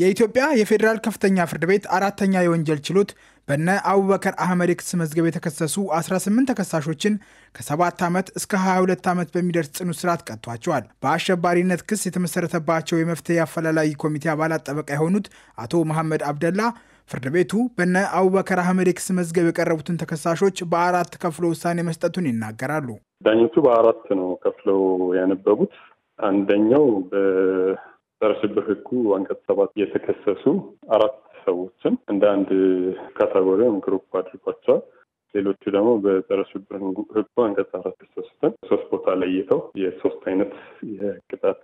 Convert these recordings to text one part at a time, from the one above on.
የኢትዮጵያ የፌዴራል ከፍተኛ ፍርድ ቤት አራተኛ የወንጀል ችሎት በነ አቡበከር አህመድ የክስ መዝገብ የተከሰሱ 18 ተከሳሾችን ከሰባት ዓመት እስከ 22 ዓመት በሚደርስ ጽኑ እስራት ቀጥቷቸዋል። በአሸባሪነት ክስ የተመሰረተባቸው የመፍትሄ አፈላላጊ ኮሚቴ አባላት ጠበቃ የሆኑት አቶ መሐመድ አብደላ ፍርድ ቤቱ በነ አቡበከር አህመድ የክስ መዝገብ የቀረቡትን ተከሳሾች በአራት ከፍሎ ውሳኔ መስጠቱን ይናገራሉ። ዳኞቹ በአራት ነው ከፍለው ያነበቡት። አንደኛው ጸረ ሽብር ህጉ አንቀጽ ሰባት የተከሰሱ አራት ሰዎችን እንደ አንድ ካታጎሪ ወይም ግሩፕ አድርጓቸዋል። ሌሎቹ ደግሞ በጸረ ሽብር ህጉ አንቀጽ አራት የተከሰሱትን ሶስት ቦታ ለይተው የሶስት አይነት የቅጣት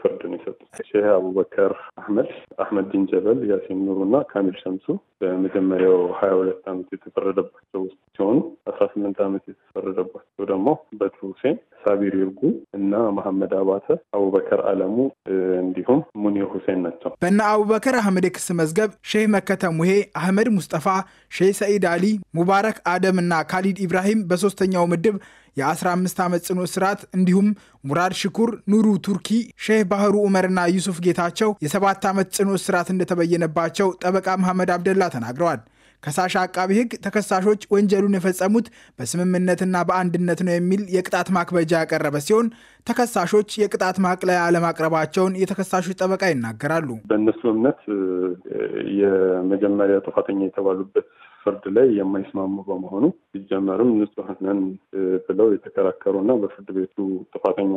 ፍርድን የሰጡት ሼህ አቡበከር አህመድ፣ ዲን ጀበል፣ ያሲን ኑሩ እና ካሚል ሸምሱ በመጀመሪያው ሀያ ሁለት ዓመት የተፈረደባቸው ውስጥ ሲሆኑ አስራ ስምንት ዓመት የተፈረደባቸው ደግሞ በድሩ ሁሴን፣ ሳቢር ይርጉ እና መሐመድ አባተ፣ አቡበከር አለሙ እንዲሁም ሙኒር ሁሴን ናቸው። በእነ አቡበከር አህመድ የክስ መዝገብ ሼህ መከተም ውሄ፣ አህመድ ሙስጠፋ፣ ሼህ ሰኢድ አሊ፣ ሙባረክ አደም እና ካሊድ ኢብራሂም በሶስተኛው ምድብ የ15 ዓመት ጽኑ እስራት እንዲሁም ሙራድ ሽኩር፣ ኑሩ ቱርኪ፣ ሼህ ባህሩ ዑመርና ዩሱፍ ጌታቸው የሰባት ዓመት ጽኑ እስራት እንደተበየነባቸው ጠበቃ መሐመድ አብደላ ተናግረዋል። ከሳሽ አቃቢ ሕግ ተከሳሾች ወንጀሉን የፈጸሙት በስምምነትና በአንድነት ነው የሚል የቅጣት ማክበጃ ያቀረበ ሲሆን ተከሳሾች የቅጣት ማቅለያ አለማቅረባቸውን የተከሳሾች ጠበቃ ይናገራሉ። በእነሱ እምነት የመጀመሪያ ጥፋተኛ የተባሉበት ፍርድ ላይ የማይስማሙ በመሆኑ ሲጀመርም ንጹህነን ነን ብለው እና በፍርድ ቤቱ ጥፋተኛ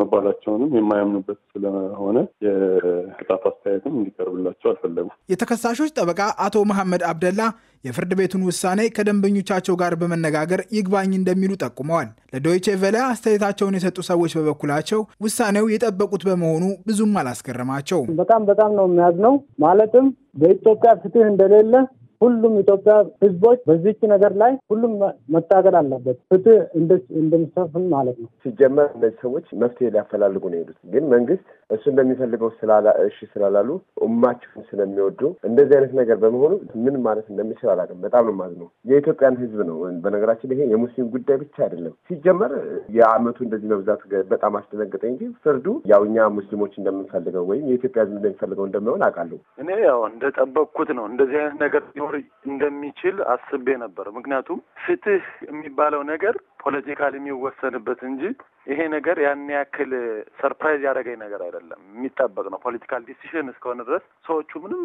መባላቸውንም የማያምኑበት ስለሆነ የቅጣት አስተያየትም እንዲቀርብላቸው አልፈለጉም። የተከሳሾች ጠበቃ አቶ መሐመድ አብደላ የፍርድ ቤቱን ውሳኔ ከደንበኞቻቸው ጋር በመነጋገር ይግባኝ እንደሚሉ ጠቁመዋል። ለዶይቼ ቬለ አስተያየታቸውን የሰጡ ሰዎች በበኩላቸው ውሳኔው የጠበቁት በመሆኑ ብዙም አላስገረማቸው። በጣም በጣም ነው የሚያዝነው። ማለትም በኢትዮጵያ ፍትህ እንደሌለ ሁሉም ኢትዮጵያ ህዝቦች በዚች ነገር ላይ ሁሉም መታገል አለበት። ፍትህ እንደሚሰፍን ማለት ነው። ሲጀመር እነዚህ ሰዎች መፍትሄ ሊያፈላልጉ ነው የሄዱት። ግን መንግስት እሱ እንደሚፈልገው እሺ ስላላሉ እማችሁን ስለሚወዱ እንደዚህ አይነት ነገር በመሆኑ ምን ማለት እንደሚችል አላውቅም። በጣም ነው ማለት ነው። የኢትዮጵያን ህዝብ ነው። በነገራችን ይሄ የሙስሊም ጉዳይ ብቻ አይደለም። ሲጀመር የአመቱ እንደዚህ መብዛቱ በጣም አስደነገጠኝ እንጂ ፍርዱ ያው እኛ ሙስሊሞች እንደምንፈልገው ወይም የኢትዮጵያ ህዝብ እንደሚፈልገው እንደሚሆን አውቃለሁ። እኔ ያው እንደጠበቅኩት ነው እንደዚህ አይነት ነገር ሊኖር እንደሚችል አስቤ ነበር። ምክንያቱም ፍትህ የሚባለው ነገር ፖለቲካል የሚወሰንበት እንጂ ይሄ ነገር ያን ያክል ሰርፕራይዝ ያደረገኝ ነገር አይደለም። የሚጠበቅ ነው። ፖለቲካል ዲሲሽን እስከሆነ ድረስ ሰዎቹ ምንም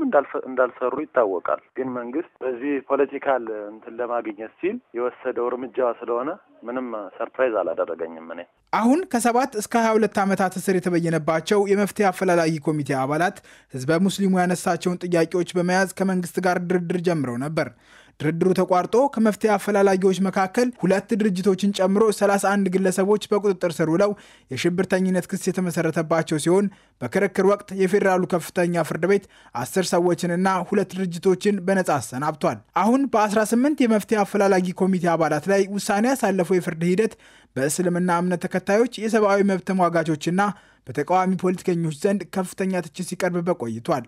እንዳልሰሩ ይታወቃል። ግን መንግስት በዚህ ፖለቲካል እንትን ለማግኘት ሲል የወሰደው እርምጃ ስለሆነ ምንም ሰርፕራይዝ አላደረገኝም። እኔ አሁን ከሰባት እስከ ሀያ ሁለት ዓመታት እስር የተበየነባቸው የመፍትሄ አፈላላጊ ኮሚቴ አባላት ህዝበ ሙስሊሙ ያነሳቸውን ጥያቄዎች በመያዝ ከመንግስት ጋር ድርድር ጀምረው ነበር። ድርድሩ ተቋርጦ ከመፍትሄ አፈላላጊዎች መካከል ሁለት ድርጅቶችን ጨምሮ 31 ግለሰቦች በቁጥጥር ስር ውለው የሽብርተኝነት ክስ የተመሰረተባቸው ሲሆን በክርክር ወቅት የፌዴራሉ ከፍተኛ ፍርድ ቤት አስር ሰዎችንና ሁለት ድርጅቶችን በነጻ አሰናብቷል። አሁን በ18 የመፍትሄ አፈላላጊ ኮሚቴ አባላት ላይ ውሳኔ ያሳለፈው የፍርድ ሂደት በእስልምና እምነት ተከታዮች፣ የሰብአዊ መብት ተሟጋቾችና በተቃዋሚ ፖለቲከኞች ዘንድ ከፍተኛ ትችት ሲቀርብበት ቆይቷል።